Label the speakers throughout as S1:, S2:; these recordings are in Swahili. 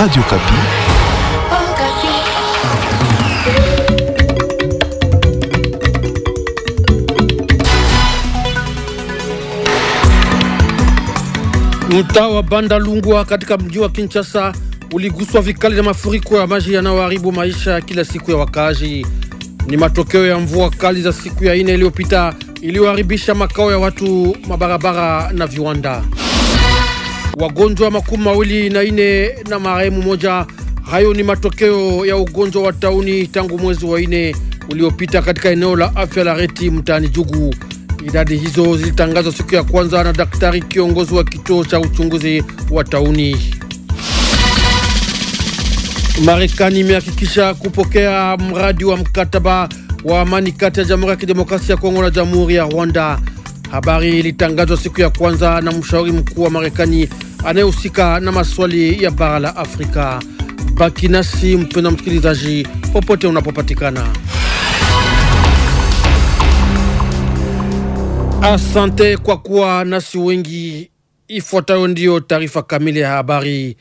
S1: Radio Kapi.
S2: Mtaa wa Banda Lungwa katika mji wa Kinshasa uliguswa vikali na mafuriko ya maji yanayoharibu maisha ya kila siku ya wakaaji. Ni matokeo ya mvua kali za siku ya ine iliyopita iliyoharibisha makao ya watu, mabarabara na viwanda wagonjwa makumi mawili na ine na marehemu moja. Hayo ni matokeo ya ugonjwa wa tauni tangu mwezi wa ine uliopita katika eneo la afya la Reti mtaani Jugu. Idadi hizo zilitangazwa siku ya kwanza na daktari kiongozi wa kituo cha uchunguzi wa tauni. Marekani imehakikisha kupokea mradi wa mkataba wa amani kati ya Jamhuri ya Kidemokrasia ya Kongo na Jamhuri ya Rwanda. Habari ilitangazwa siku ya kwanza na mshauri mkuu wa Marekani anayehusika na maswali ya bara la Afrika. Baki nasi mpenda msikilizaji, popote unapopatikana. Asante kwa kuwa nasi wengi. Ifuatayo ndiyo taarifa kamili ya habari.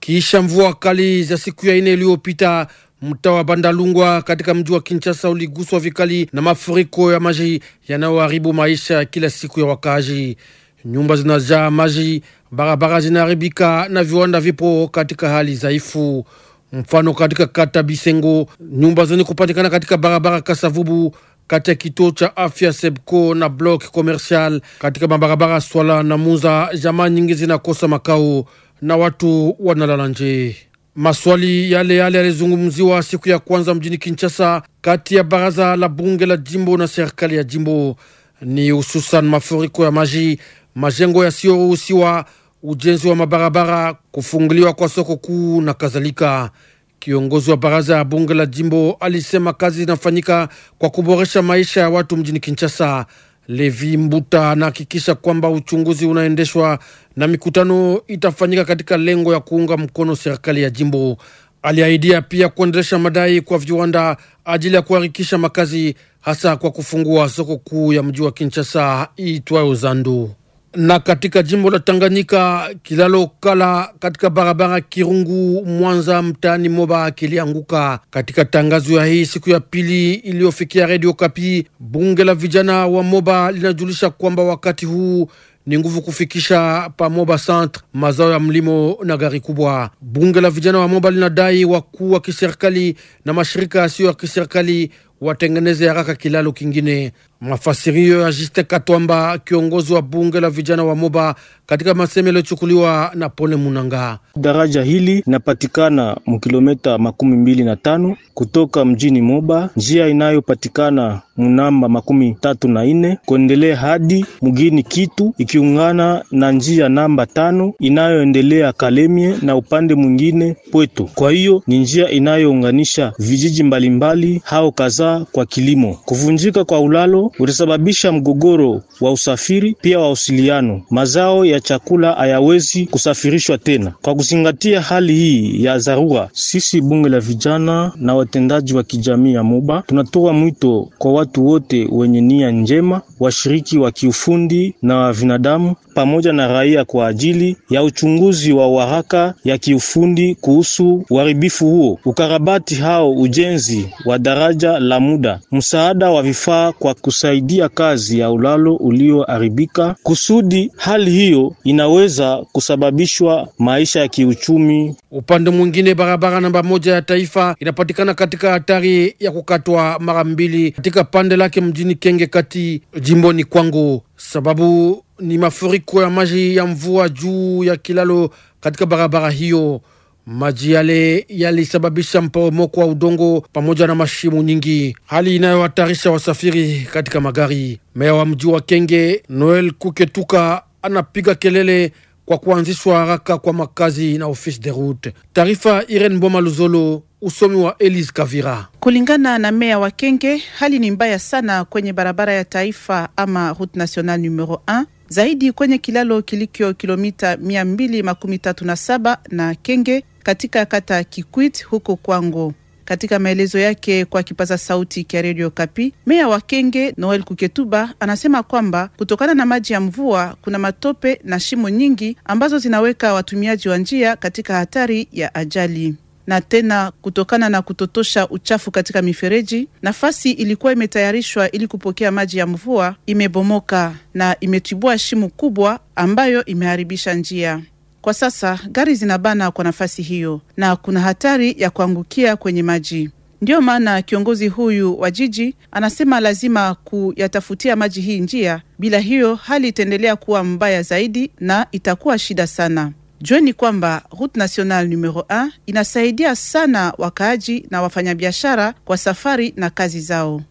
S2: Kisha mvua kali za siku ya ine iliyopita Mtaa wa Bandalungwa katika mji wa Kinshasa uliguswa vikali na mafuriko ya maji yanayoharibu maisha ya kila siku ya wakaaji. Nyumba zinajaa maji, barabara zinaharibika na viwanda vipo katika hali dhaifu. Mfano, katika kata Bisengo, nyumba zenye kupatikana katika barabara Kasavubu kati ya kituo cha afya Sebco na Block Commercial katika mabarabara Swala na Muza, jamaa nyingi zinakosa makao na watu wanalala nje. Maswali yale yale yalizungumziwa siku ya kwanza mjini Kinshasa kati ya baraza la bunge la jimbo na serikali ya jimbo, ni hususan mafuriko ya maji, majengo yasiyoruhusiwa, ujenzi wa mabarabara, kufunguliwa kwa soko kuu na kadhalika. Kiongozi wa baraza ya bunge la jimbo alisema kazi inafanyika kwa kuboresha maisha ya watu mjini Kinshasa Levi Mbuta anahakikisha kwamba uchunguzi unaendeshwa na mikutano itafanyika katika lengo ya kuunga mkono serikali ya jimbo. Aliahidia pia kuendelesha madai kwa viwanda ajili ya kuharakisha makazi, hasa kwa kufungua soko kuu ya mji wa Kinshasa iitwayo Zandu na katika jimbo la Tanganyika kilalokala katika barabara Kirungu Mwanza mtaani Moba kilianguka. Katika tangazo ya hii siku ya pili iliyofikia Radio Kapi, bunge la vijana wa Moba linajulisha kwamba wakati huu ni nguvu kufikisha pa Moba centre mazao ya mlimo na gari kubwa. Bunge la vijana wa Moba linadai wakuu wa kiserikali na mashirika yasiyo ya kiserikali watengeneze haraka kilalo kingine. Mafasirio ya Jiste Katwamba, kiongozi wa bunge la vijana wa Moba, katika maseme yaliyochukuliwa na Pole Munanga.
S3: Daraja hili linapatikana mkilometa makumi mbili na tano kutoka mjini Moba, njia inayopatikana mnamba makumi tatu na nne kuendelea hadi mgini Kitu, ikiungana na njia namba tano inayoendelea Kalemie na upande mwingine Pweto. Kwa hiyo ni njia inayounganisha vijiji mbalimbali hao kadhaa kupunguza kwa kilimo. Kuvunjika kwa ulalo ulisababisha mgogoro wa usafiri, pia wa usiliano Mazao ya chakula hayawezi kusafirishwa tena. Kwa kuzingatia hali hii ya dharura, sisi bunge la vijana na watendaji wa kijamii ya Moba tunatoa mwito kwa watu wote wenye nia njema, washiriki wa kiufundi na wa vinadamu pamoja na raia kwa ajili ya uchunguzi wa waraka ya kiufundi kuhusu uharibifu huo, ukarabati hao ujenzi wa daraja la muda, msaada wa vifaa kwa kusaidia kazi ya ulalo ulioharibika, kusudi hali hiyo inaweza kusababishwa maisha ya
S2: kiuchumi. Upande mwingine, barabara namba moja ya taifa inapatikana katika hatari ya kukatwa mara mbili katika pande lake mjini Kenge kati jimboni kwangu sababu ni mafuriko ya maji ya mvua juu ya kilalo katika barabara hiyo. Maji yale yalisababisha mporomoko wa udongo pamoja na mashimo nyingi, hali inayohatarisha wasafiri katika magari. Meya wa mji wa Kenge Noel Kuketuka anapiga kelele kwa kuanzishwa haraka kwa makazi na ofisi de route. Taarifa Irene Mboma Luzolo. Usomi wa Elise Kavira.
S4: Kulingana na meya wa Kenge, hali ni mbaya sana kwenye barabara ya taifa ama route national numero 1 zaidi kwenye kilalo kilikyo kilomita 237 na Kenge katika kata Kikwit huko Kwango. Katika maelezo yake kwa kipaza sauti kya redio Kapi, meya wa Kenge Noel Kuketuba anasema kwamba kutokana na maji ya mvua kuna matope na shimo nyingi ambazo zinaweka watumiaji wa njia katika hatari ya ajali na tena kutokana na kutotosha uchafu katika mifereji, nafasi ilikuwa imetayarishwa ili kupokea maji ya mvua imebomoka na imetibua shimo kubwa ambayo imeharibisha njia. Kwa sasa gari zinabana kwa nafasi hiyo na kuna hatari ya kuangukia kwenye maji. Ndiyo maana kiongozi huyu wa jiji anasema lazima kuyatafutia maji hii njia, bila hiyo hali itaendelea kuwa mbaya zaidi na itakuwa shida sana. Jueni kwamba Route Nationale numero 1 inasaidia sana wakaaji na wafanyabiashara kwa safari na kazi zao.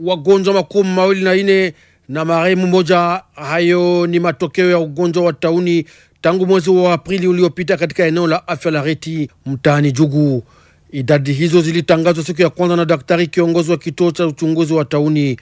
S2: Wagonjwa makumi mawili na nne na marehemu moja. Hayo ni matokeo ya ugonjwa wa tauni tangu mwezi wa Aprili uliopita katika eneo la afya la Reti mtaani Jugu. Idadi hizo zilitangazwa siku ya kwanza na daktari kiongozi wa kituo cha uchunguzi wa tauni.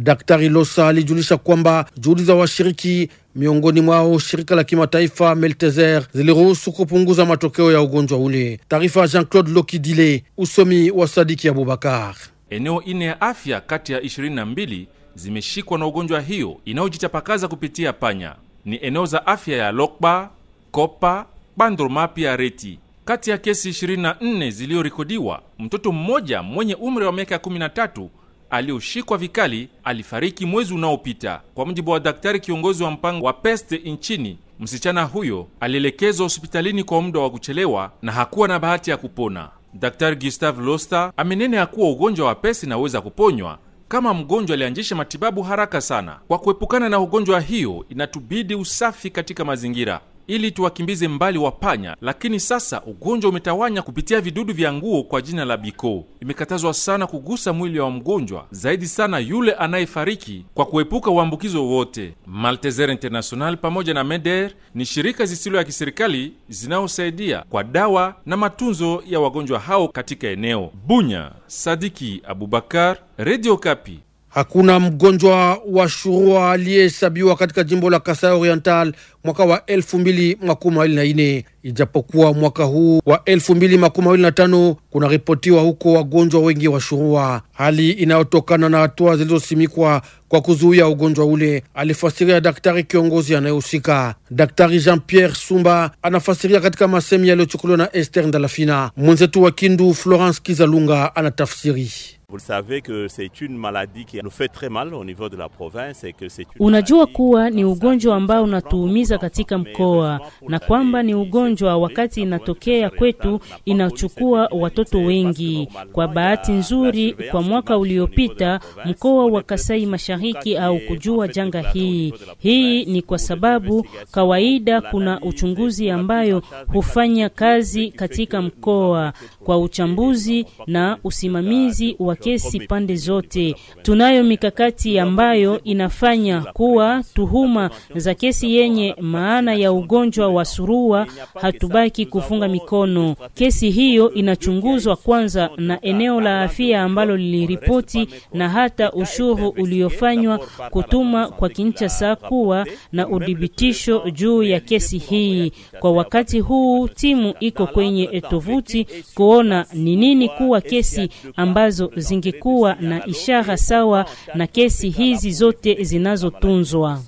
S2: Daktari Losa alijulisha kwamba juhudi za washiriki, miongoni mwao shirika la kimataifa Meltezer, ziliruhusu kupunguza matokeo ya ugonjwa ule. Taarifa ya Jean-Claude Lokidile, usomi wa Sadiki Abubakar.
S5: Eneo ine ya afya kati ya 22 zimeshikwa na ugonjwa hiyo inayojitapakaza kupitia panya. Ni eneo za afya ya Lokba, Kopa, Bandroma pia Reti. Kati ya kesi 24 ziliyorekodiwa, mtoto mmoja mwenye umri wa miaka 13 alioshikwa vikali alifariki mwezi unaopita. Kwa mujibu wa daktari kiongozi wa mpango wa peste nchini, msichana huyo alielekezwa hospitalini kwa muda wa kuchelewa na hakuwa na bahati ya kupona. Daktari Gustave Loster amenene ya kuwa ugonjwa wa peste inaweza kuponywa kama mgonjwa alianjisha matibabu haraka sana. Kwa kuepukana na ugonjwa hiyo, inatubidi usafi katika mazingira ili tuwakimbize mbali wa panya, lakini sasa ugonjwa umetawanya kupitia vidudu vya nguo kwa jina la biko. Imekatazwa sana kugusa mwili wa mgonjwa, zaidi sana yule anayefariki, kwa kuepuka uambukizo wote. Malteser International pamoja na MEDER ni shirika zisilo ya kiserikali zinayosaidia kwa dawa na matunzo ya wagonjwa hao katika eneo Bunya. Sadiki Abubakar, Radio
S2: Kapi. Hakuna mgonjwa wa shurua aliyehesabiwa katika jimbo la Kasai Oriental mwaka wa elfu mbili makumi mawili na nne ijapokuwa mwaka huu wa elfu mbili makumi mawili na tano kuna ripotiwa huko wagonjwa wengi wa shurua, hali inayotokana na hatua zilizosimikwa kwa kuzuia ugonjwa ule, alifasiria daktari kiongozi anayehusika. Daktari Jean Pierre Sumba anafasiria katika masemi yaliyochukuliwa na Ester Ndalafina. Mwenzetu wa Kindu Florence Kizalunga anatafsiri.
S1: Vous savez que c'est une maladie qui nous fait très mal au niveau de la province et que c'est
S6: Unajua kuwa ni ugonjwa ambao unatuumiza katika mkoa na kwamba ni ugonjwa wakati inatokea kwetu inachukua watoto wengi. Kwa bahati nzuri, kwa mwaka uliopita mkoa wa Kasai Mashariki au kujua janga hii. Hii ni kwa sababu kawaida kuna uchunguzi ambayo hufanya kazi katika mkoa kwa uchambuzi na usimamizi wa kesi pande zote. Tunayo mikakati ambayo inafanya kuwa tuhuma za kesi yenye maana ya ugonjwa wa surua hatubaki kufunga mikono. Kesi hiyo inachunguzwa kwanza na eneo la afya ambalo liliripoti na hata ushuru uliofanywa kutuma kwa Kinshasa kuwa na udhibitisho juu ya kesi hii. Kwa wakati huu timu iko kwenye tovuti kuona ni nini kuwa kesi ambazo zingekuwa na ishara sawa na kesi hizi zote zinazotunzwa.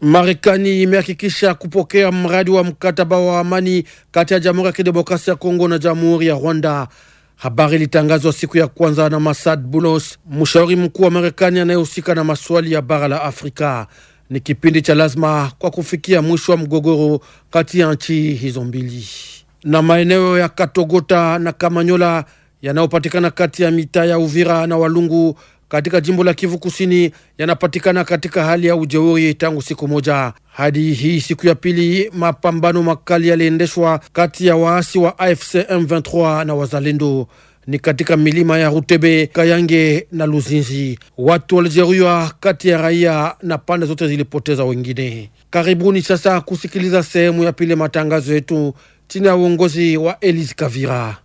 S2: Marekani imehakikisha kupokea mradi wa mkataba wa amani kati ya Jamhuri ya Kidemokrasia ya Kongo na Jamhuri ya Rwanda. Habari ilitangazwa siku ya kwanza na Masad Bulos, mshauri mkuu wa Marekani anayehusika na masuali ya bara la Afrika ni kipindi cha lazima kwa kufikia mwisho wa mgogoro kati ya nchi hizo mbili. Na maeneo ya Katogota na Kamanyola yanayopatikana kati ya mitaa ya Uvira na Walungu katika jimbo la Kivu Kusini yanapatikana katika hali ya ujeuri tangu siku moja hadi hii siku ya pili. Mapambano makali yaliendeshwa kati ya waasi wa AFC M23 na wazalendo ni katika milima ya Rutebe, Kayange na Luzinzi. Watu walijeruhiwa kati ya raia na pande zote zilipoteza wengine. Karibuni sasa kusikiliza sehemu ya pili matangazo yetu chini ya uongozi wa Elise Kavira.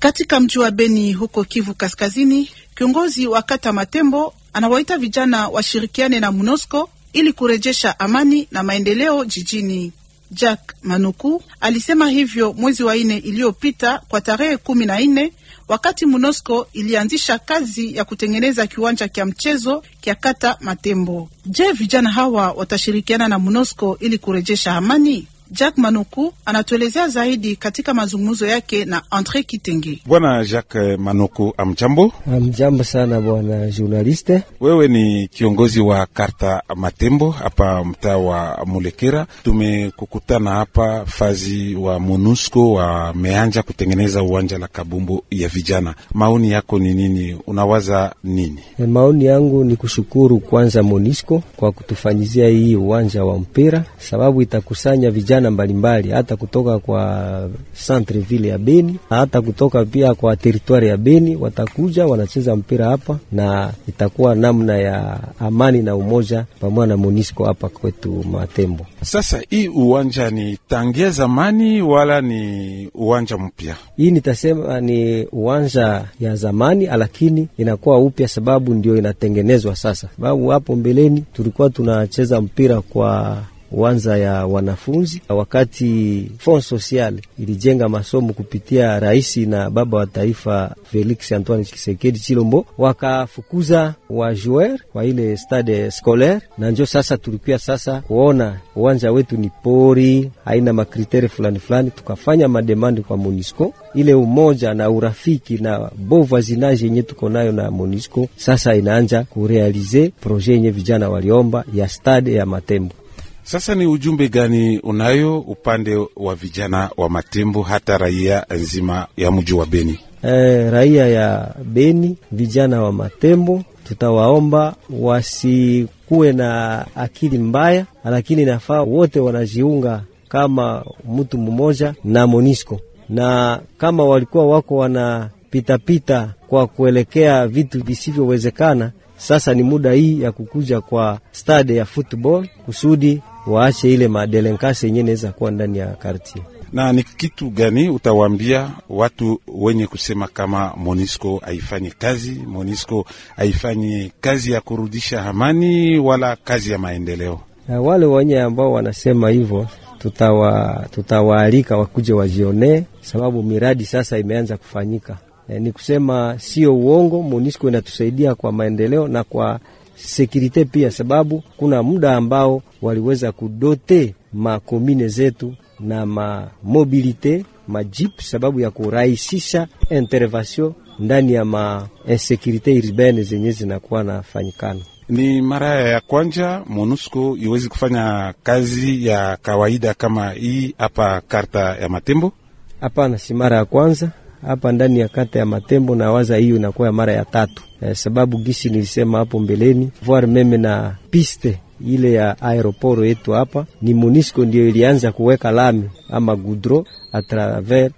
S4: Katika mji wa Beni huko Kivu Kaskazini, kiongozi wa kata Matembo anawaita vijana washirikiane na MONUSCO ili kurejesha amani na maendeleo jijini. Jack Manuku alisema hivyo mwezi wa nne iliyopita kwa tarehe kumi na nne wakati MONUSCO ilianzisha kazi ya kutengeneza kiwanja kya mchezo kya kata Matembo. Je, vijana hawa watashirikiana na MONUSCO ili kurejesha amani? Jack Manuku anatuelezea zaidi katika mazungumzo yake na Andre Kitenge.
S7: Bwana Jack Manuku, amjambo.
S8: Amjambo sana bwana journaliste.
S7: Wewe ni kiongozi wa Karta Matembo hapa mtaa wa Mulekera. Tumekukutana hapa fazi wa MONUSCO wameanja kutengeneza uwanja la kabumbu ya vijana. Maoni yako ni nini? Unawaza nini?
S8: E, maoni yangu ni kushukuru kwanza MONUSCO kwa kutufanyizia hii uwanja wa mpira, sababu itakusanya vijana vijana mbalimbali, hata kutoka kwa centre ville ya Beni, hata kutoka pia kwa teritwari ya Beni, watakuja wanacheza mpira hapa, na itakuwa namna ya amani na umoja pamoja na Monisco hapa kwetu Matembo.
S7: Sasa hii uwanja ni tangia zamani wala ni uwanja mpya?
S8: Hii nitasema ni uwanja ya zamani, lakini inakuwa upya sababu ndio inatengenezwa sasa, sababu hapo mbeleni tulikuwa tunacheza mpira kwa wanza ya wanafunzi, wakati Fond Social ilijenga masomo kupitia rahisi na baba wa taifa Felix Antoine Tshisekedi Chilombo, wakafukuza wa joueur kwa ile stade scolaire, na njo sasa tulikuya sasa kuona uwanja wetu ni pori, haina makriteri fulani fulani. Tukafanya mademande kwa Monisco, ile umoja na urafiki na bo voisinage yenye tuko nayo na Monisco sasa inaanja kurealize proje yenye vijana waliomba ya stade ya Matembo. Sasa ni ujumbe gani
S7: unayo upande wa vijana wa Matembo hata raia nzima ya mji wa Beni?
S8: E, raia ya Beni, vijana wa Matembo tutawaomba wasikuwe na akili mbaya, lakini nafaa wote wanajiunga kama mtu mmoja na Monisco, na kama walikuwa wako wanapitapita kwa kuelekea vitu visivyowezekana, sasa ni muda hii ya kukuja kwa stade ya football kusudi waache ile madelenkase yenyewe inaweza kuwa ndani ya kartie.
S7: Na ni kitu gani utawaambia watu wenye kusema kama Monisco haifanyi kazi? Monisco haifanyi kazi ya kurudisha amani wala kazi ya maendeleo.
S8: Na wale wenye ambao wanasema hivyo tutawa tutawaalika wakuje wajionee, sababu miradi sasa imeanza kufanyika. E, ni kusema sio uongo. Monisco inatusaidia kwa maendeleo na kwa sekirite pia, sababu kuna muda ambao waliweza kudote makomine zetu na mamobilite majip, sababu ya kurahisisha intervention ndani ya mainsekurite urbaine zenye zinakuwa nafanyikana.
S7: Ni mara ya kwanza MONUSCO iwezi kufanya kazi ya kawaida kama hii hapa karta ya
S8: Matembo? Hapana, si mara ya kwanza hapa ndani ya kata ya Matembo na waza hiyo inakuwa ya mara ya tatu, e, sababu gisi nilisema hapo mbeleni voir meme na piste ile ya aeroporo yetu hapa ni Munisco ndio ilianza kuweka lami ama gudro a travers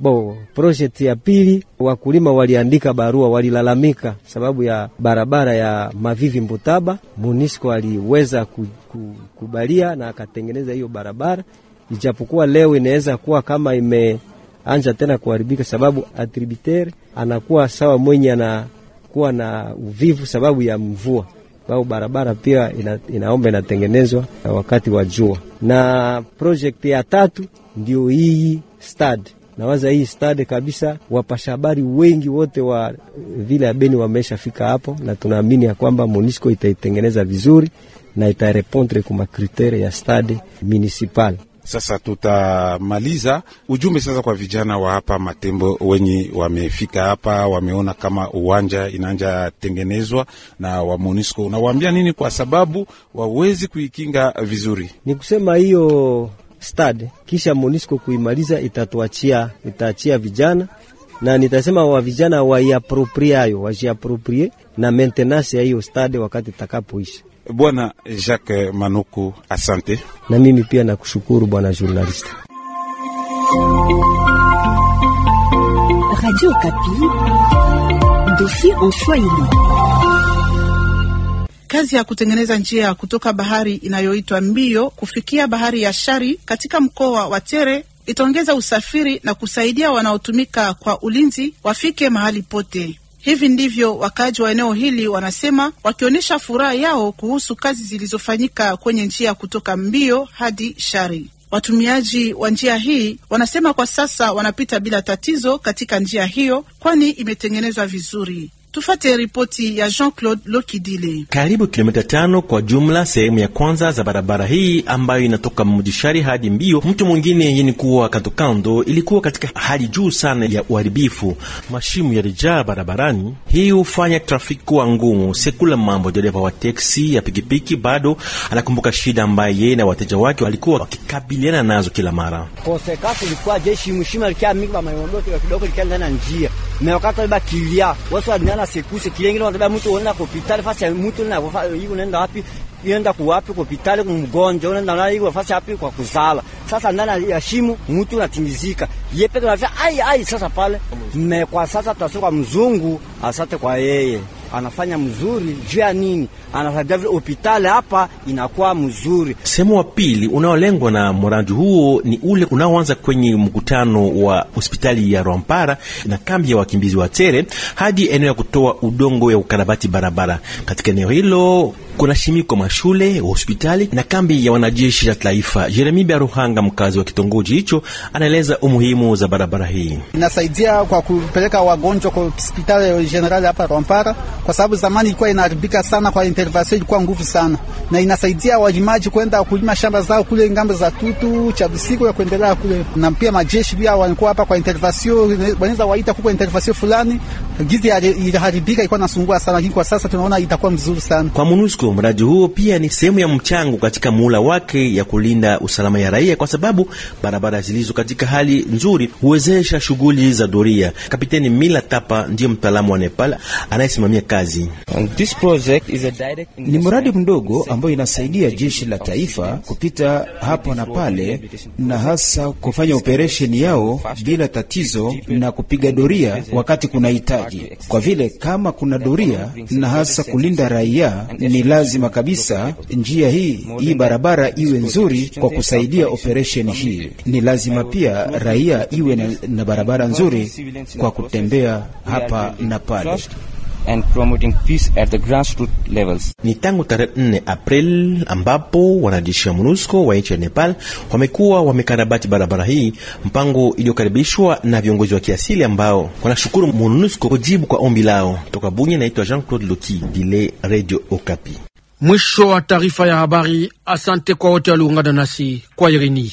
S8: Bo projet ya pili, wakulima waliandika barua, walilalamika sababu ya barabara ya Mavivi Mbutaba. Munisco aliweza kukubalia na akatengeneza hiyo barabara, ijapokuwa leo inaweza kuwa kama ime anja tena kuharibika, sababu atributer anakuwa sawa mwenye anakuwa na uvivu sababu ya mvua au barabara pia ina, inaomba inatengenezwa wakati wa jua. Na projekti ya tatu ndio hii stad nawaza hii stad kabisa, wapasha habari wengi wote wa vile ya Beni wameshafika hapo, na tunaamini ya kwamba Monisco itaitengeneza vizuri na itarepondre kumakritere ya stade municipal.
S7: Sasa tutamaliza ujumbe sasa kwa vijana wa hapa Matembo wenye wamefika hapa, wameona kama uwanja inaanja tengenezwa na wa monusco Unawaambia nini kwa sababu wawezi kuikinga vizuri?
S8: Ni kusema hiyo stad kisha monusco kuimaliza itatuachia, itaachia vijana na nitasema wa vijana waiaproprie ayo wajiaproprie na maintenance ya hiyo stade wakati takapoisha
S7: Bwana Jacques Manuku, asante.
S8: Na mimi pia nakushukuru bwana journalist.
S6: Radio Kapi, dosi en Swahili.
S4: Kazi ya kutengeneza njia kutoka bahari inayoitwa Mbio kufikia bahari ya Shari katika mkoa wa Tere itaongeza usafiri na kusaidia wanaotumika kwa ulinzi wafike mahali pote. Hivi ndivyo wakaaji wa eneo hili wanasema, wakionyesha furaha yao kuhusu kazi zilizofanyika kwenye njia kutoka Mbio hadi Shari. Watumiaji wa njia hii wanasema kwa sasa wanapita bila tatizo katika njia hiyo, kwani imetengenezwa vizuri. Tufate ripoti ya Jean-Claude Lokidile.
S1: Karibu kilomita tano kwa jumla sehemu ya kwanza za barabara hii ambayo inatoka Mujishari hadi Mbio, mtu mwingine yeni kuwa kandokando, ilikuwa katika hali juu sana ya uharibifu. Mashimu yalijaa barabarani, hii hufanya trafiki kuwa ngumu. Sekula Mambo, dereva wa teksi ya pikipiki, bado anakumbuka shida ambayo yeye na wateja wake walikuwa wakikabiliana nazo kila mara.
S8: kulikuwa jeshi mshima likia mingi ba kidogo likia ndani njia na wakati kilia wasu ndani sana sekuse kile ngine wanabeba mtu unaenda hospitali fasi mtu na hiyo unaenda wapi unaenda kuwapi hospitali kumgonjwa unaenda na hiyo fasi wapi kwa kuzala sasa ndani ya shimo mtu anatingizika yeye pekee ai ai sasa pale me kwa sasa tutasema mzungu asante kwa yeye anafanya mzuri juu ya nini? Anasaidia hospitali hapa inakuwa mzuri.
S1: Sehemu wa pili unaolengwa na mradi huo ni ule unaoanza kwenye mkutano wa hospitali ya Rwampara na kambi ya wakimbizi wa Tere hadi eneo ya kutoa udongo ya ukarabati barabara katika eneo hilo iko na shimi kwa mashule, hospitali na kambi ya wanajeshi ya taifa. Jeremi Baruhanga, mkazi wa kitongoji hicho, anaeleza umuhimu za barabara hii.
S2: Inasaidia kwa kupeleka wagonjwa kwa hospitali ya generali hapa Rwampara, kwa sababu zamani ilikuwa inaharibika sana, kwa intervention ilikuwa nguvu sana, na inasaidia walimaji kwenda kulima shamba zao kule ngambo za Tutu cha Bisigo ya kuendelea kule, na pia majeshi pia walikuwa hapa kwa intervention, wanaweza waita kwa intervention fulani, gizi iliharibika ilikuwa nasungua sana, lakini kwa sasa tunaona itakuwa mzuri sana
S1: kwa MONUSCO Mradi huo pia ni sehemu ya mchango katika muhula wake ya kulinda usalama ya raia, kwa sababu barabara zilizo katika hali nzuri huwezesha shughuli za doria. Kapiteni Mila Tapa ndiyo mtaalamu wa Nepal anayesimamia kazi. This project is a direct... ni mradi mdogo ambayo inasaidia jeshi la taifa kupita hapo na pale na hasa kufanya operesheni yao bila tatizo na kupiga doria wakati kuna hitaji, kwa vile kama kuna doria na hasa kulinda raia ni lazima kabisa njia hii hii barabara iwe nzuri kwa kusaidia operesheni hii. Ni lazima pia raia iwe na, na barabara nzuri kwa kutembea hapa na pale and promoting peace at the grassroots levels. Ni tangu tarehe 4 April ambapo wanajeshi wa MONUSCO wa nchi ya Nepal wamekuwa wamekarabati barabara hii, mpango iliyokaribishwa na viongozi wa kiasili ambao wanashukuru MONUSCO kujibu kwa ombi lao. Toka Bunye, naitwa Jean-Claude Loki dile Radio Okapi.
S2: Mwisho wa taarifa ya habari. Asante kwa wote walioungana nasi kwa irini.